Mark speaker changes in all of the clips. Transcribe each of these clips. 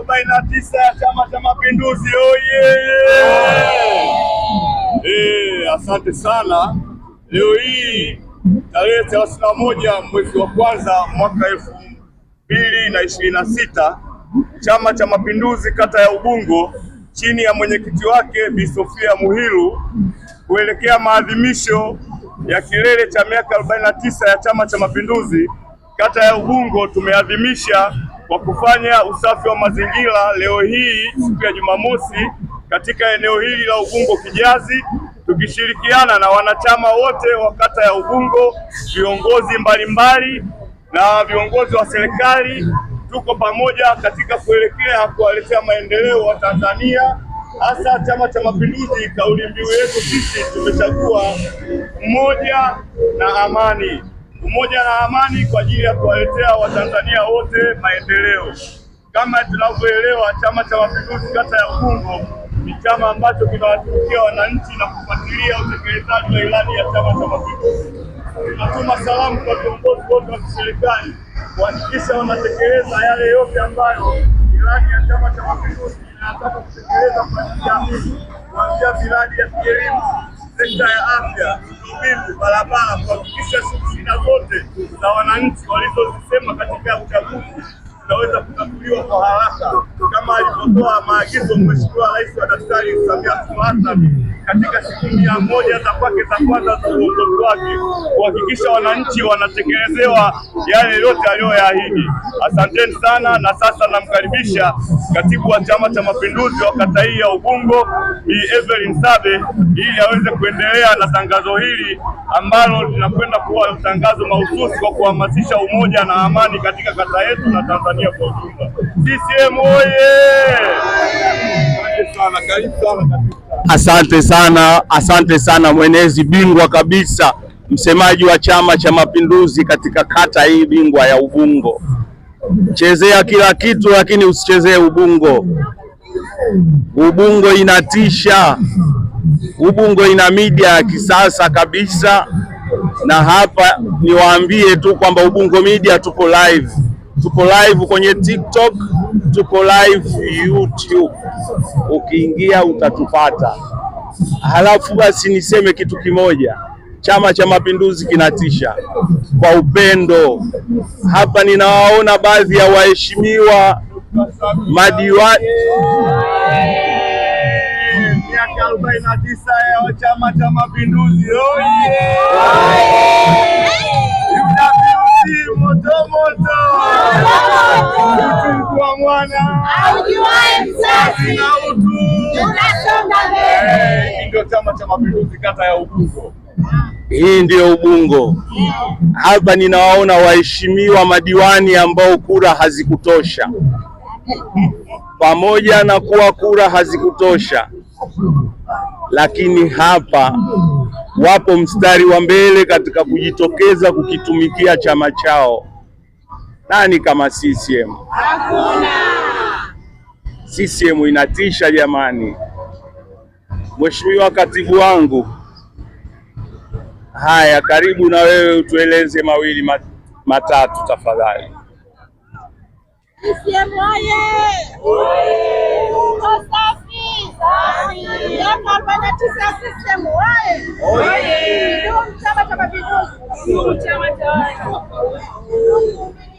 Speaker 1: arobaini na tisa ya Chama cha Mapinduzi oye! Eh, asante sana. Leo hii tarehe thelathini na moja mwezi wa kwanza mwaka elfu mbili na ishirini na sita Chama cha Mapinduzi kata ya Ubungo chini ya mwenyekiti wake Bi Sofia Muhilu kuelekea maadhimisho ya kilele cha miaka arobaini na tisa ya Chama cha Mapinduzi kata ya Ubungo tumeadhimisha kwa kufanya usafi wa mazingira leo hii siku ya Jumamosi katika eneo hili la Ubungo Kijazi tukishirikiana na wanachama wote wa kata ya Ubungo, viongozi mbalimbali na viongozi wa serikali. Tuko pamoja katika kuelekea kuwaletea maendeleo wa Tanzania, hasa Chama cha Mapinduzi. Kauli mbiu yetu sisi tumechagua umoja na amani umoja na amani kwa ajili ya kuwaletea Watanzania wote maendeleo. Kama tunavyoelewa, Chama cha Mapinduzi kata ya Ubungo ni chama ambacho kinawatumikia wananchi na kufuatilia utekelezaji wa ilani ya Chama cha Mapinduzi. Tunatuma salamu kwa viongozi wote wa kiserikali kuhakikisha wanatekeleza yale yote ambayo ilani ya Chama cha Mapinduzi inataka kutekeleza kuanzia miradi ya kielimu, sekta ya afya, miundombinu, barabara, kuhakikisha shida zote za wananchi walizozisema katika uchaguzi zinaweza kutatuliwa kwa haraka kama alivyotoa maagizo Mheshimiwa Rais wa Daktari Samia Suluhu Hassan katika siku mia moja za kwake za kwanza za uongozi wake kuhakikisha wananchi wanatekelezewa yale yote aliyoyaahidi. Asanteni sana, na sasa namkaribisha katibu wa Chama cha Mapinduzi wa kata hii ya Ubungo Bi Evelyn Sabe ili aweze kuendelea na tangazo hili ambalo linakwenda kuwa tangazo mahususi kwa kuhamasisha umoja na amani katika kata yetu na Tanzania kwa ujumla. CCM oye!
Speaker 2: Asante sana, karibu sana. Asante sana, asante sana mwenezi bingwa kabisa, msemaji wa Chama cha Mapinduzi katika kata hii bingwa ya Ubungo. Chezea kila kitu, lakini usichezee Ubungo. Ubungo inatisha, Ubungo ina media ya kisasa kabisa, na hapa niwaambie tu kwamba Ubungo Media tuko live, tuko live kwenye TikTok, tuko live YouTube ukiingia utatupata. Halafu basi niseme kitu kimoja, Chama cha Mapinduzi kinatisha kwa upendo. Hapa ninawaona baadhi ya waheshimiwa madiwani
Speaker 1: miaka 49 ya Chama cha Mapinduzi. Bwana
Speaker 3: aujuae na utu, mbele.
Speaker 1: Hii ndio Chama cha Mapinduzi kata ya Ubungo,
Speaker 2: hii Ubungo hapa. Ninawaona waheshimiwa madiwani ambao kura hazikutosha, pamoja na kuwa kura hazikutosha, lakini hapa wapo mstari wa mbele katika kujitokeza kukitumikia chama chao. Nani kama CCM?
Speaker 3: Hakuna.
Speaker 2: CCM inatisha jamani. Mheshimiwa katibu wangu, haya karibu na wewe utueleze mawili matatu tafadhali.
Speaker 3: CCM oye! oye!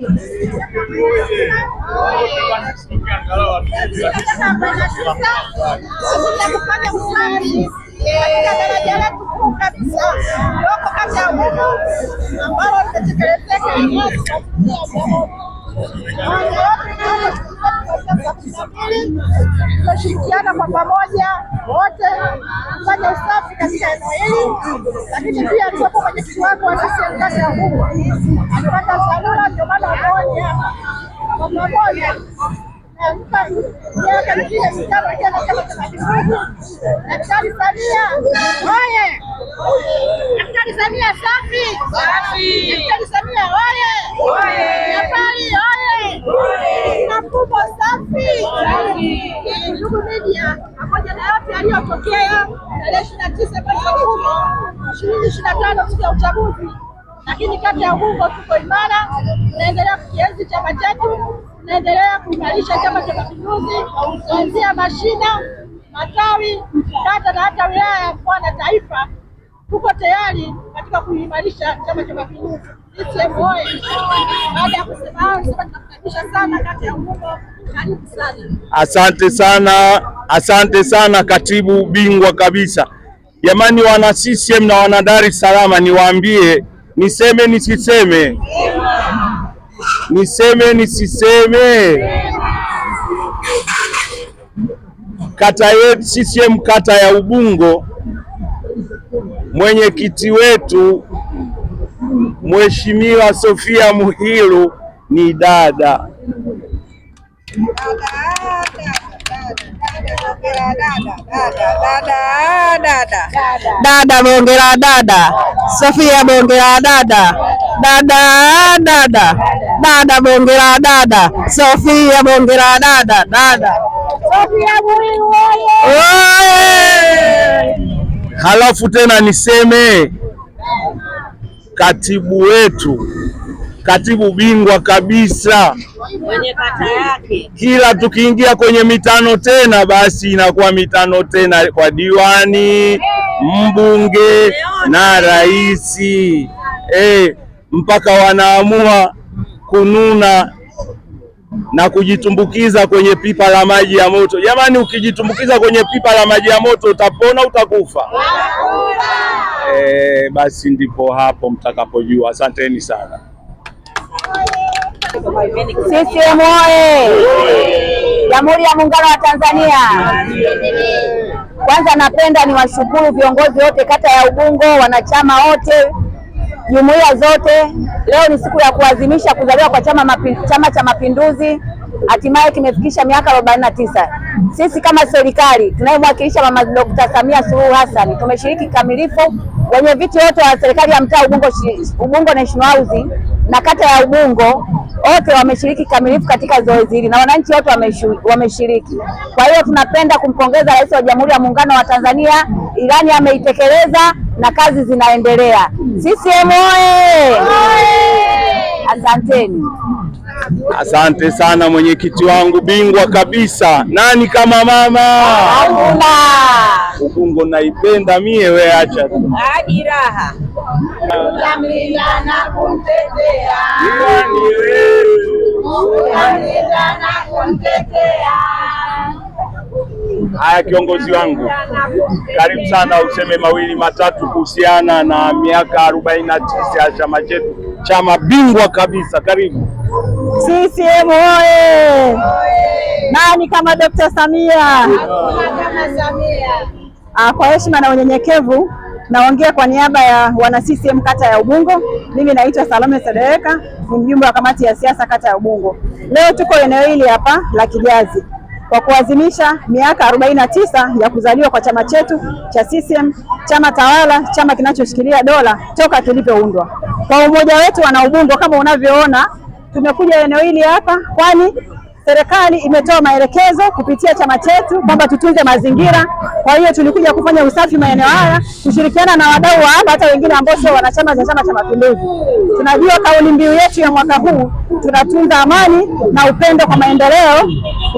Speaker 3: Jalan kuvuka bisa wako kati na saa kumi na mbili tunashirikiana kwa pamoja wote kufanya usafi katika eneo hili, lakini pia alikuwepo mwenyekiti wako wa CCM kata ya Ubungo alipata dharura, ndio maana wakaona kwa pamoja Daktari Samia oye! Daktari Samia safi! Daktari Samia oye! Daktari oye! Ndugu media, pamoja na yote yaliyotokea tarehe ishirini na tisa mwezi wa kumi ishirini ishirini na tano siku ya uchaguzi, lakini kata ya Ubungo tuko imara, tunaendelea kukienzi chama chetu, tunaendelea kuimarisha Chama cha Mapinduzi kuanzia mashina, matawi, kata na hata wilaya ya mkoa na taifa. Tuko tayari katika kuimarisha Chama cha Mapinduzi. Baada ya kusema hayo
Speaker 2: Asante sana, asante sana katibu bingwa kabisa. Jamani, wana CCM na wana Dar es Salaam, niwaambie, niseme nisiseme, niseme nisiseme, kata yetu CCM, kata ya Ubungo, mwenyekiti wetu Mheshimiwa Sofia Muhilu ni dada.
Speaker 4: Dada bongera dada, Sofia bongera dada, dada dada, dada bongera dada, Sofia bongera dada,
Speaker 3: dada
Speaker 2: halafu tena niseme katibu wetu katibu bingwa kabisa kata yake. Kila tukiingia kwenye mitano tena, basi inakuwa mitano tena kwa diwani, mbunge na rais e, mpaka wanaamua kununa na kujitumbukiza kwenye pipa la maji ya moto. Jamani, ukijitumbukiza kwenye pipa la maji ya moto utapona, utakufa? E, basi ndipo hapo mtakapojua. Asanteni sana.
Speaker 5: CCM oye! Eh. Jamhuri ya Muungano wa Tanzania. Kwanza napenda niwashukuru viongozi wote kata ya Ubungo, wanachama wote, jumuiya zote. Leo ni siku ya kuadhimisha kuzaliwa kwa chama mapi, Chama cha Mapinduzi hatimaye kimefikisha miaka arobaini na tisa. Sisi kama serikali tunayemwakilisha Mama Dokta Samia Suluhu Hassan tumeshiriki kikamilifu. Wenye viti wote wa serikali ya mtaa Ubungo, Ubungo National House na kata ya Ubungo wote wameshiriki kikamilifu katika zoezi hili na wananchi wote wameshiriki. Kwa hiyo tunapenda kumpongeza Rais wa Jamhuri ya Muungano wa Tanzania, ilani ameitekeleza na kazi zinaendelea. CCM mm. oye!
Speaker 3: Asanteni.
Speaker 5: Asante
Speaker 2: sana mwenyekiti wangu bingwa kabisa. Nani kama mama?
Speaker 3: Hakuna. Ubungo
Speaker 2: naipenda mie, we acha tu.
Speaker 3: Hadi raha. Kamila na kumtetea. Ni wewe. Kamila na kumtetea.
Speaker 2: Haya, kiongozi wangu, karibu sana, useme mawili matatu kuhusiana na miaka arobaini na tisa ya chama chetu, chama bingwa kabisa.
Speaker 5: Karibu. CCM oye! Nani kama Dr. Samia? Ah, kwa heshima na unyenyekevu naongea kwa niaba ya wana CCM kata ya Ubungo. Mimi naitwa Salome Sedereka, ni mjumbe wa kamati ya siasa kata ya Ubungo. Leo tuko eneo hili hapa la Kijazi kwa kuadhimisha miaka arobaini na tisa ya kuzaliwa kwa chama chetu cha CCM, chama tawala, chama kinachoshikilia dola toka kilipoundwa. Kwa umoja wetu wana Ubungo, kama unavyoona Tumekuja eneo hili hapa kwani Serikali imetoa maelekezo kupitia chama chetu kwamba tutunze mazingira. Kwa hiyo tulikuja kufanya usafi maeneo haya, kushirikiana na wadau wa hapa, hata wengine ambao sio wanachama cha Chama cha Mapinduzi. Tunajua kauli mbiu yetu ya mwaka huu, tunatunza amani na upendo kwa maendeleo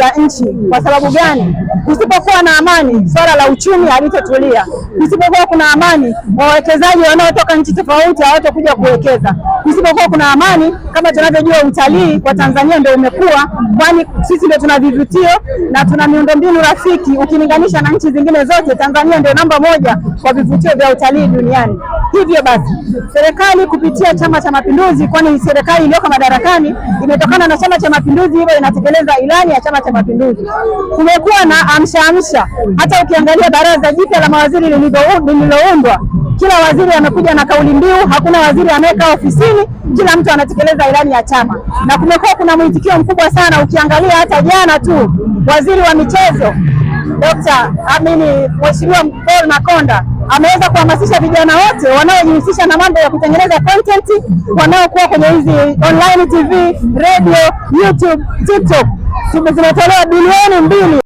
Speaker 5: ya nchi. Kwa sababu gani? Kusipokuwa na amani, swala la uchumi halitotulia. Kusipokuwa kuna amani, wawekezaji wanaotoka nchi tofauti hawatakuja kuwekeza. Kusipokuwa kuna amani, kama tunavyojua, utalii kwa Tanzania ndio umekuwa kwani lakini sisi ndio tuna vivutio na tuna miundombinu rafiki, ukilinganisha na nchi zingine zote, Tanzania ndio namba moja kwa vivutio vya utalii duniani. Hivyo basi serikali kupitia Chama cha Mapinduzi, kwani serikali iliyoko madarakani imetokana na Chama cha Mapinduzi, hivyo inatekeleza ilani ya Chama cha Mapinduzi. Kumekuwa na amsha amsha hata ukiangalia baraza jipya la mawaziri lililoundwa, kila waziri amekuja na kauli mbiu, hakuna waziri anayekaa ofisini, kila mtu anatekeleza ilani ya chama, na kumekuwa kuna mwitikio mkubwa sana. Ukiangalia hata jana tu waziri wa michezo Dkt. Amini Mheshimiwa Paul Makonda ameweza kuhamasisha vijana wote wanaojihusisha na mambo ya kutengeneza content, wanaokuwa kwenye hizi online TV, radio, YouTube, TikTok zimetolewa bilioni mbili